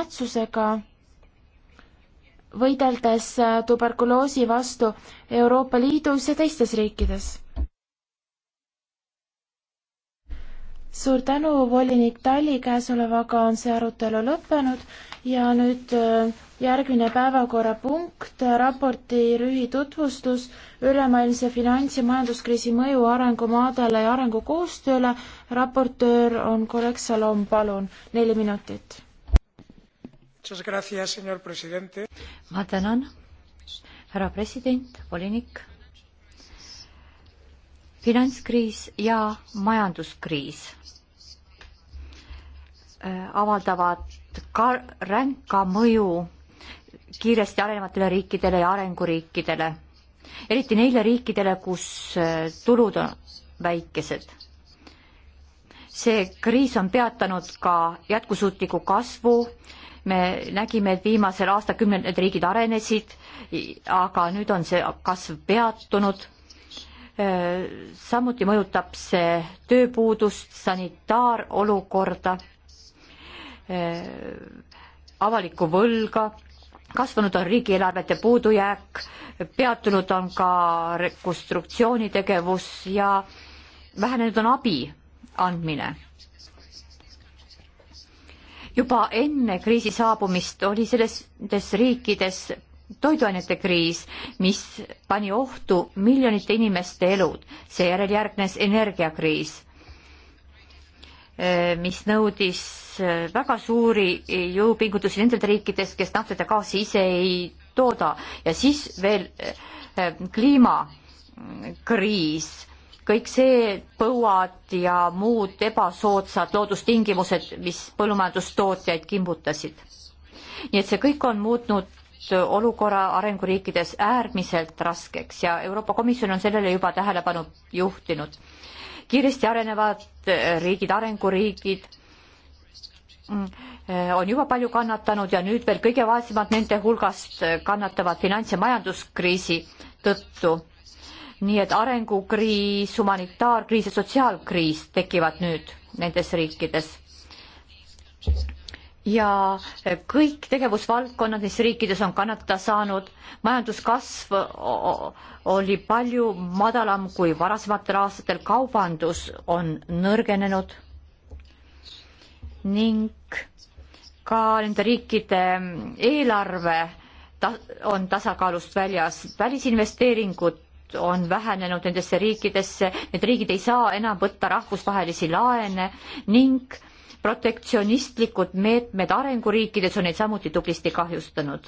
tähtsusega võideldes äh, tuberkuloosi vastu Euroopa Liidus ja teistes riikides. suur tänu, volinik Talli, käesolevaga on see arutelu lõppenud ja nüüd äh, järgmine päevakorrapunkt, äh, raporti lühitutvustus ülemaailmse finants- ja majanduskriisi mõju arengumaadele ja arengukoostööle. raportöör on kolleeg Salom, palun, neli minutit ma tänan, härra president, volinik. finantskriis ja majanduskriis äh, avaldavad ka ränka mõju kiiresti arenevatele riikidele ja arenguriikidele, eriti neile riikidele, kus äh, tulud on väikesed. see kriis on peatanud ka jätkusuutliku kasvu, me nägime, et viimasel aastakümnel need riigid arenesid, aga nüüd on see kasv peatunud. samuti mõjutab see tööpuudust, sanitaarolukorda, avalikku võlga, kasvanud on riigieelarvete puudujääk, peatunud on ka rekonstruktsioonitegevus ja vähenenud on abi andmine juba enne kriisi saabumist oli selles riikides toiduainete kriis, mis pani ohtu miljonite inimeste elud. seejärel järgnes energiakriis, eh, mis nõudis eh, väga suuri jõupingutusi nendelt riikidest, kes naftat ja gaasi ise ei tooda ja siis veel eh, kliimakriis kõik see, põuad ja muud ebasoodsad loodustingimused, mis põllumajandustootjaid kimbutasid. nii et see kõik on muutnud olukorra arenguriikides äärmiselt raskeks ja Euroopa Komisjon on sellele juba tähelepanu juhtinud. kiiresti arenevad eh, riigid, arenguriigid mm, eh, on juba palju kannatanud ja nüüd veel kõige vaesemad nende hulgast kannatavad finants- ja majanduskriisi tõttu nii et arengukriis, humanitaarkriis ja sotsiaalkriis tekivad nüüd nendes riikides. ja kõik tegevusvaldkonnad neis riikides on kannatada saanud, majanduskasv oli palju madalam kui varasematel aastatel, kaubandus on nõrgenenud ning ka nende riikide eelarve ta on tasakaalust väljas, välisinvesteeringud on vähenenud nendesse riikidesse, need riigid ei saa enam võtta rahvusvahelisi laene ning protektsionistlikud meetmed arenguriikides on neid samuti tublisti kahjustanud.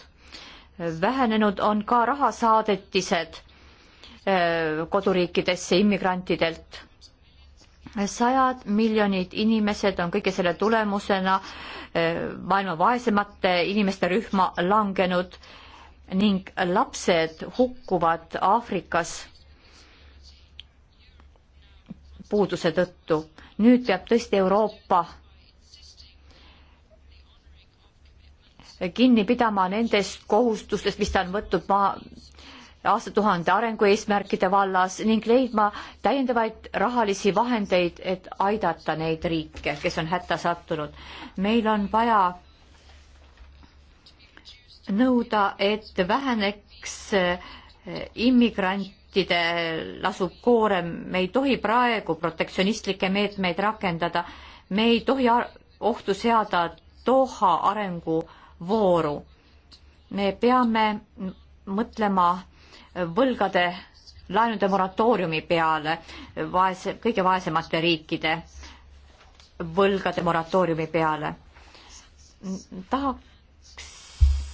vähenenud on ka rahasaadetised äh, koduriikidesse immigrantidelt. sajad miljonid inimesed on kõige selle tulemusena äh, maailma vaesemate inimeste rühma langenud ning lapsed hukkuvad Aafrikas puuduse tõttu. nüüd peab tõesti Euroopa kinni pidama nendest kohustustest, mis ta on võtnud maa aastatuhande arengueesmärkide vallas ning leidma täiendavaid rahalisi vahendeid, et aidata neid riike, kes on hätta sattunud. meil on vaja nõuda, et väheneks eh, immigrantide lasub koorem, me ei tohi praegu protektsionistlikke meetmeid rakendada, me ei tohi ohtu seada Doha arenguvooru. me peame mõtlema võlgade laenude moratooriumi peale vaese, kõige vaesemate riikide võlgade moratooriumi peale. tahaks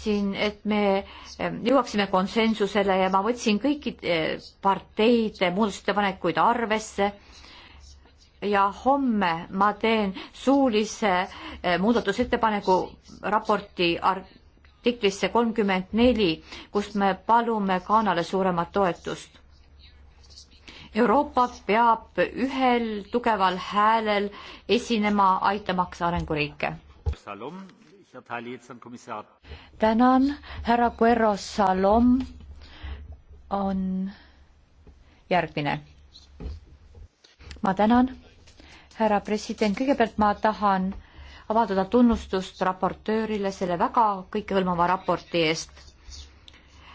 tahaksin, et me eh, jõuaksime konsensusele ja ma võtsin kõikide eh, parteide muudatusettepanekuid arvesse ja homme ma teen suulise eh, muudatusettepaneku raporti artiklisse kolmkümmend neli, kust me palume Ghanale suuremat toetust. Euroopa peab ühel tugeval häälel esinema, aitamaks arenguriike tänan, härra Guerro Salom on järgmine. ma tänan, härra president, kõigepealt ma tahan avaldada tunnustust raportöörile selle väga kõikehõlmava raporti eest.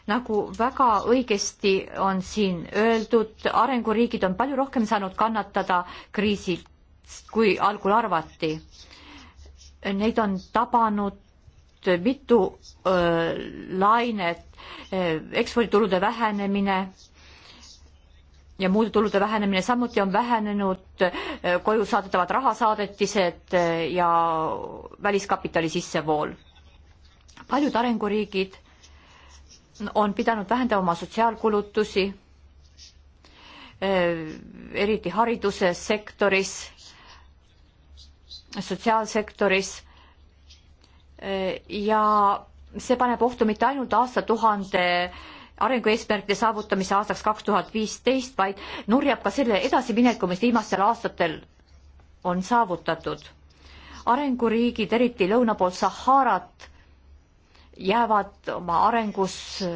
nagu väga õigesti on siin öeldud, arenguriigid on palju rohkem saanud kannatada kriisilt, kui algul arvati neid on tabanud mitu öö, lainet, eksporditulude vähenemine ja muude tulude vähenemine, samuti on vähenenud öö, koju saadetavad rahasaadetised öö, ja väliskapitali sissevool. paljud arenguriigid on pidanud vähendama oma sotsiaalkulutusi, eriti haridussektoris sotsiaalsektoris äh, ja see paneb ohtu mitte ainult aastatuhande arengueesmärkide saavutamise aastaks kaks tuhat viisteist, vaid nurjab ka selle edasimineku, mis viimastel aastatel on saavutatud. arenguriigid, eriti lõuna pool Saharat, jäävad oma arengus äh,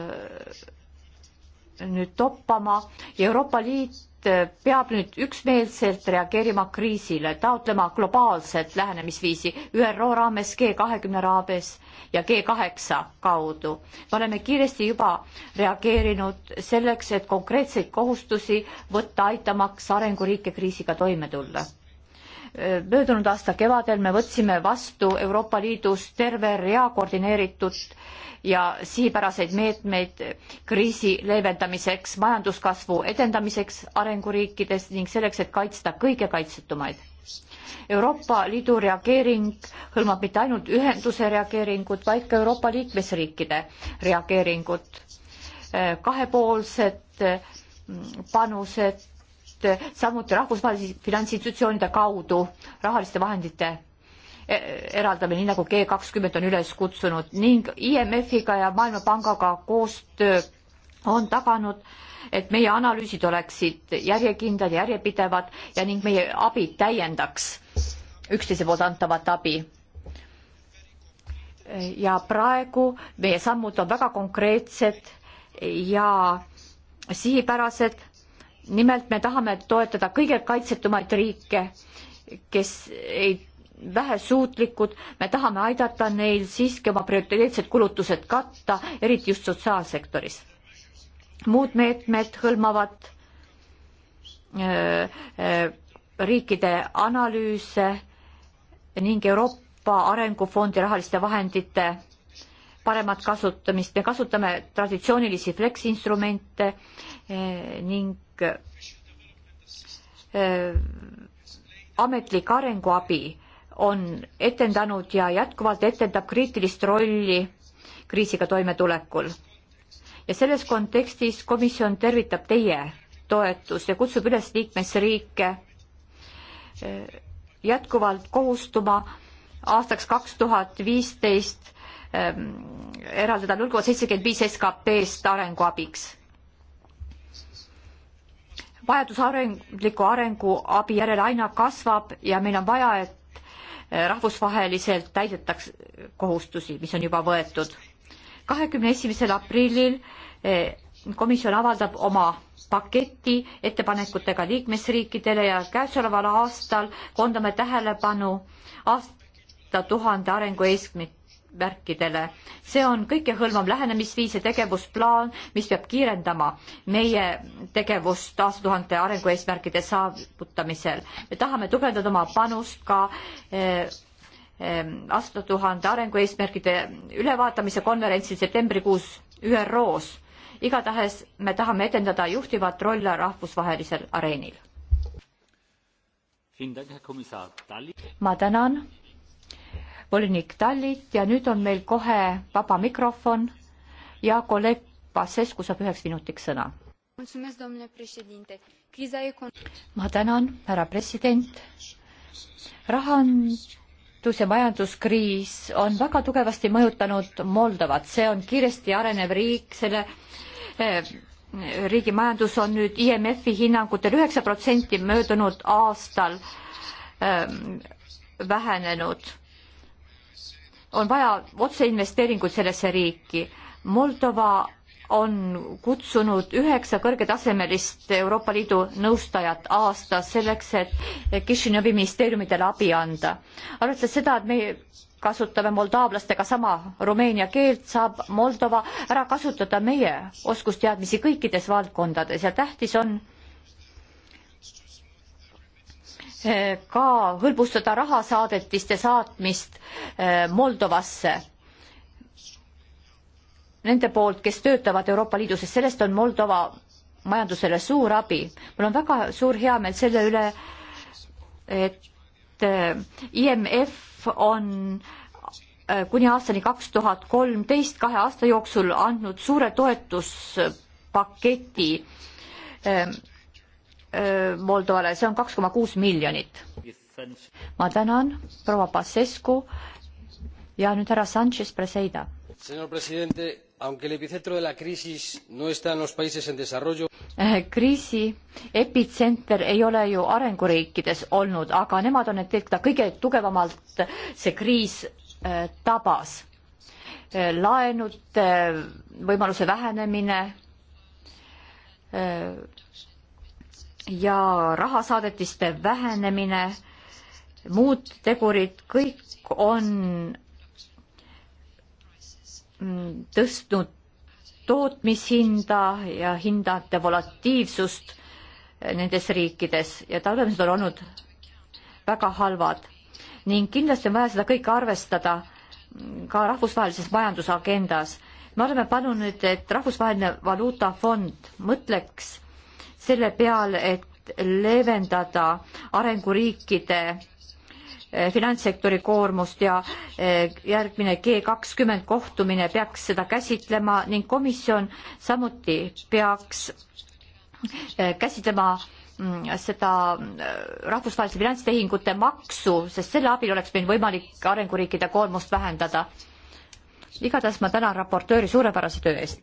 nüüd toppama ja Euroopa Liit Äh, peab nüüd üksmeelselt reageerima kriisile, taotlema globaalset lähenemisviisi ÜRO raames, G kahekümne raames ja G kaheksa kaudu. me oleme kiiresti juba reageerinud selleks, et konkreetseid kohustusi võtta, aitamaks arenguriike kriisiga toime tulla möödunud aasta kevadel me võtsime vastu Euroopa Liidus terve rea koordineeritud ja sihipäraseid meetmeid kriisi leevendamiseks, majanduskasvu edendamiseks arenguriikides ning selleks, et kaitsta kõige kaitsetumaid. Euroopa Liidu reageering hõlmab mitte ainult ühenduse reageeringut, vaid ka Euroopa liikmesriikide reageeringut, kahepoolsed panused rahastamist samuti rahvusvahelise finantsinstitutsioonide kaudu rahaliste vahendite e, eraldamine, nii nagu G kakskümmend on üles kutsunud ning IMF-iga ja Maailmapangaga koostöö on taganud, et meie analüüsid oleksid järjekindlad ja järjepidevad ja ning meie abi täiendaks üksteise poolt antavat abi. ja praegu meie sammud on väga konkreetsed ja sihipärased nimelt me tahame toetada kõige kaitsetumaid riike, kes ei vähesuutlikud, me tahame aidata neil siiski oma prioriteetsed kulutused katta, eriti just sotsiaalsektoris. muud meetmed hõlmavad öö, öö, riikide analüüse ning Euroopa Arengufondi rahaliste vahendite paremat kasutamist, me kasutame traditsioonilisi fleksinstrumente eh, ning eh, ametlik arenguabi on etendanud ja jätkuvalt etendab kriitilist rolli kriisiga toimetulekul. ja selles kontekstis komisjon tervitab teie toetust ja kutsub üles liikmesriike eh, jätkuvalt kohustuma aastaks kaks tuhat viisteist Ähm, eraldada null koma seitsekümmend viis SKP-st arenguabiks. vajadus arenglikku arenguabi järele aina kasvab ja meil on vaja, et äh, rahvusvaheliselt täidetaks kohustusi, mis on juba võetud. kahekümne esimesel aprillil äh, komisjon avaldab oma paketi ettepanekutega liikmesriikidele ja käesoleval aastal koondame tähelepanu aastatuhande arengu eesmärk, eesmärkidele. see on kõikehõlmav lähenemisviis ja tegevusplaan, mis peab kiirendama meie tegevust aastatuhande arengueesmärkide saavutamisel. me tahame tugevdada oma panust ka eh, eh, aastatuhande arengueesmärkide ülevaatamise konverentsil septembrikuus ÜRO-s. igatahes me tahame edendada juhtivat rolli rahvusvahelisel areenil. ma tänan volinik Tallit ja nüüd on meil kohe vaba mikrofon ja kolleeg Pasescu saab üheks minutiks sõna. ma tänan, härra president. rahandus- ja majanduskriis on väga tugevasti mõjutanud Moldovat, see on kiiresti arenev riik, selle eh, riigi majandus on nüüd IMF-i hinnangutel üheksa protsenti möödunud aastal eh, vähenenud on vaja otseinvesteeringuid sellesse riiki. Moldova on kutsunud üheksa kõrgetasemelist Euroopa Liidu nõustajat aastas selleks, et Kišinevi ministeeriumidele abi anda. arvestades seda, et meie kasutame moldaavlastega sama rumeenia keelt, saab Moldova ära kasutada meie oskusteadmisi kõikides valdkondades ja tähtis on, Äh, ka hõlbustada rahasaadetiste saatmist äh, Moldovasse. Nende poolt, kes töötavad Euroopa Liidus, sest sellest on Moldova majandusele suur abi. mul on väga suur heameel selle üle, et äh, IMF on kuni aastani kaks tuhat kolmteist kahe aasta jooksul andnud suure toetuspaketi Äh, Moldovale, see on kaks koma kuus miljonit. ma tänan, proua Pasescu ja nüüd härra Sanchez Preseida. Äh, kriisi epitsenter ei ole ju arenguriikides olnud, aga nemad on need, keda kõige tugevamalt see kriis äh, tabas. laenude võimaluse vähenemine ja rahasaadetiste vähenemine, muud tegurid, kõik on mm, tõstnud tootmishinda ja hindade volatiivsust nendes riikides ja talvemised on olnud väga halvad ning kindlasti on vaja seda kõike arvestada ka rahvusvahelises majandusagendas. me oleme palunud, et Rahvusvaheline Valuutafond mõtleks selle peale, et leevendada arenguriikide eh, finantssektori koormust ja eh, järgmine G kakskümmend kohtumine peaks seda käsitlema ning komisjon samuti peaks eh, käsitlema mm, seda rahvusvaheliste finantstehingute maksu, sest selle abil oleks meil võimalik arenguriikide koormust vähendada. igatahes ma tänan raportööri suurepärase töö eest.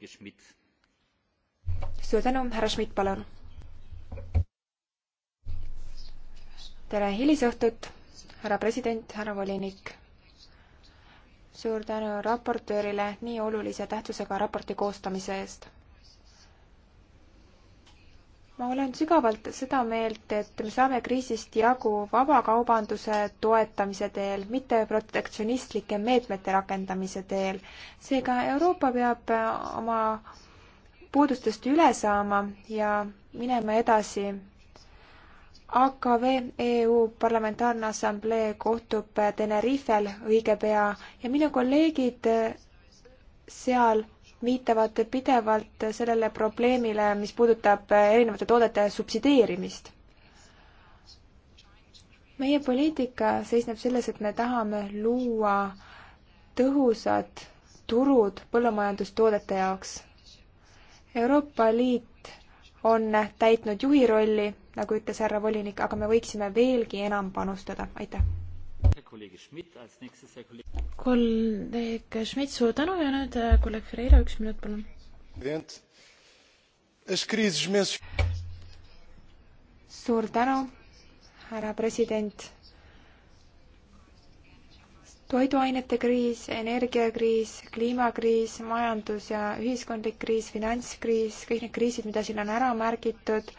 suur tänu, härra Schmidt, palun tere hilisõhtut, härra president, härra volinik. suur tänu raportöörile nii olulise tähtsusega raporti koostamise eest. ma olen sügavalt seda meelt, et me saame kriisist jagu vabakaubanduse toetamise teel, mitte protektsionistlike meetmete rakendamise teel. seega Euroopa peab oma puudustest üle saama ja minema edasi AKV EU Parlamentaarne Assamblee kohtub Tenerifel õige pea ja minu kolleegid eh, seal viitavad pidevalt sellele probleemile, mis puudutab eh, erinevate toodete subsideerimist. meie poliitika seisneb selles, et me tahame luua tõhusad turud põllumajandustoodete jaoks. Euroopa Liit on täitnud juhi rolli nagu ütles härra volinik, aga me võiksime veelgi enam panustada, aitäh. kolleeg Schmidt, suur tänu ja nüüd äh, kolleeg Ferreira, üks minut, palun. suur tänu, härra president toiduainete kriis, energiakriis, kliimakriis, majandus ja ühiskondlik kriis, finantskriis, kõik need kriisid, mida siin on ära märgitud,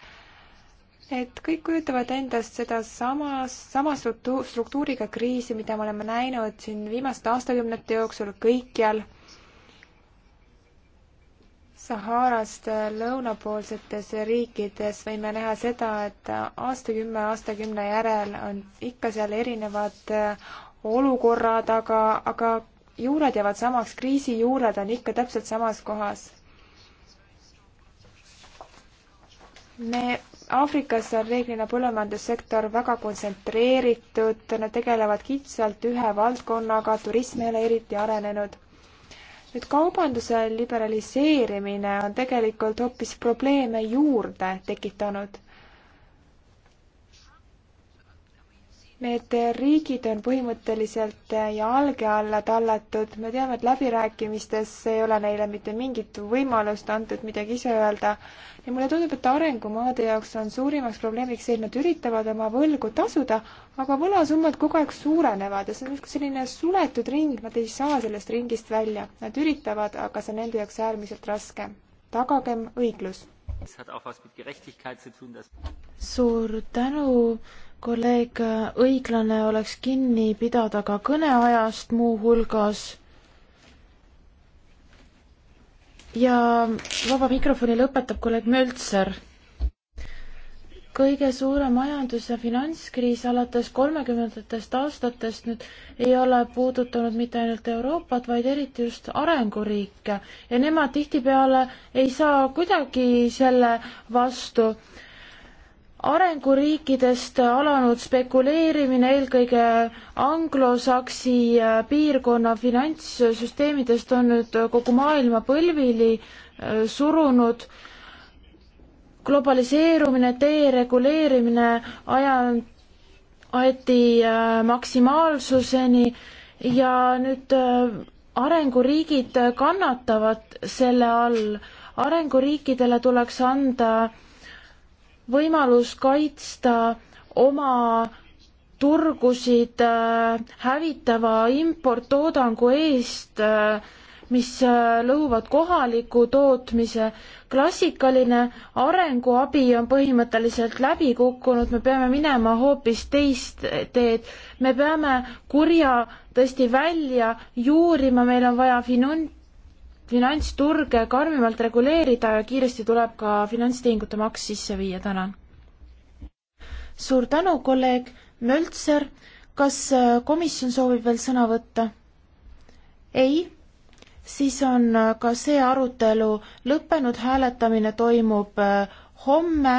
et kõik kujutavad endast sedasama, sama struktuuriga kriisi, mida me oleme näinud siin viimaste aastakümnete jooksul kõikjal. Saharast lõunapoolsetes riikides võime näha seda, et aastakümme aastakümne järel on ikka seal erinevad äh, olukorrad, aga, aga juured jäävad samaks, kriisi juured on ikka täpselt samas kohas me Aafrikas on reeglina põllumajandussektor väga kontsentreeritud, nad tegelevad kitsalt ühe valdkonnaga, turism ei ole eriti arenenud. nüüd kaubanduse liberaliseerimine on tegelikult hoopis probleeme juurde tekitanud. Need riigid on põhimõtteliselt jalge alla tallatud, me teame, et läbirääkimistes ei ole neile mitte mingit võimalust antud midagi ise öelda ja mulle tundub, et arengumaade jaoks on suurimaks probleemiks see, et nad üritavad oma võlgu tasuda, aga võlasummad kogu aeg suurenevad ja see on justkui selline suletud ring, nad ei saa sellest ringist välja. Nad üritavad, aga see on nende jaoks äärmiselt raske. tagagem õiglus! suur tänu, kolleeg, õiglane oleks kinni pidada ka kõneajast muuhulgas. ja vaba mikrofoni lõpetab kolleeg Möltser. kõige suurem majandus- ja finantskriis alates kolmekümnendatest aastatest nüüd ei ole puudutanud mitte ainult Euroopat, vaid eriti just arenguriike ja nemad tihtipeale ei saa kuidagi selle vastu arenguriikidest alanud spekuleerimine eelkõige anglosaksi äh, piirkonna finantssüsteemidest on nüüd kogu maailma põlvili äh, surunud. globaliseerumine, dereguleerimine aja, aeti äh, maksimaalsuseni ja nüüd arenguriigid kannatavad selle all. arenguriikidele tuleks anda võimalus kaitsta oma turgusid äh, hävitava importtoodangu eest, äh, mis äh, lõhuvad kohaliku tootmise. klassikaline arenguabi on põhimõtteliselt läbi kukkunud, me peame minema hoopis teist teed. me peame kurja tõesti välja juurima, meil on vaja finant-, finantsturge karmimalt reguleerida ja kiiresti tuleb ka finantstehingute maks sisse viia, tänan. suur tänu, kolleeg Möltser, kas äh, komisjon soovib veel sõna võtta? ei? siis on äh, ka see arutelu lõppenud, hääletamine toimub äh, homme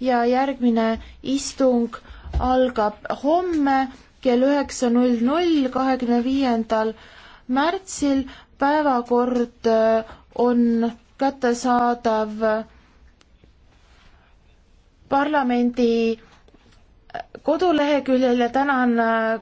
ja järgmine istung algab homme kell üheksa null null, kahekümne viiendal märtsil päevakord äh, on kättesaadav parlamendi koduleheküljel ja tänan äh,